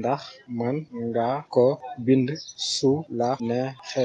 ndax man nga ko bind su la neexee.